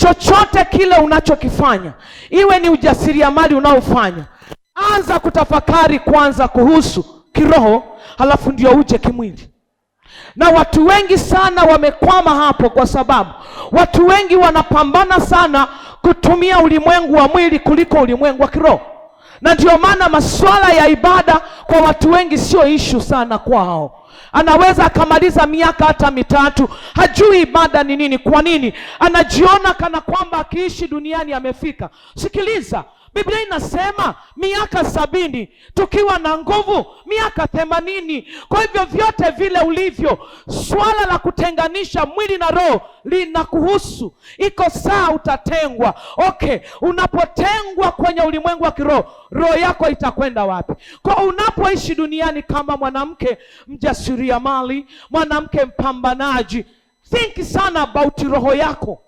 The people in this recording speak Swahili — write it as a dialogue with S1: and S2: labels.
S1: Chochote kile unachokifanya, iwe ni ujasiriamali unaofanya, anza kutafakari kwanza kuhusu kiroho, halafu ndio uje kimwili. Na watu wengi sana wamekwama hapo, kwa sababu watu wengi wanapambana sana kutumia ulimwengu wa mwili kuliko ulimwengu wa kiroho na ndio maana masuala ya ibada kwa watu wengi sio ishu sana kwao. Anaweza akamaliza miaka hata mitatu hajui ibada ni nini. Kwa nini? Anajiona kana kwamba akiishi duniani amefika. Sikiliza, Biblia inasema miaka sabini tukiwa na nguvu miaka themanini. Kwa hivyo vyote vile ulivyo, swala la kutenganisha mwili na roho linakuhusu. Iko saa utatengwa. Okay, unapotengwa kwenye ulimwengu wa kiroho, roho yako itakwenda wapi? Kwa unapoishi duniani kama mwanamke mjasiriamali, mwanamke mpambanaji, think sana about roho yako.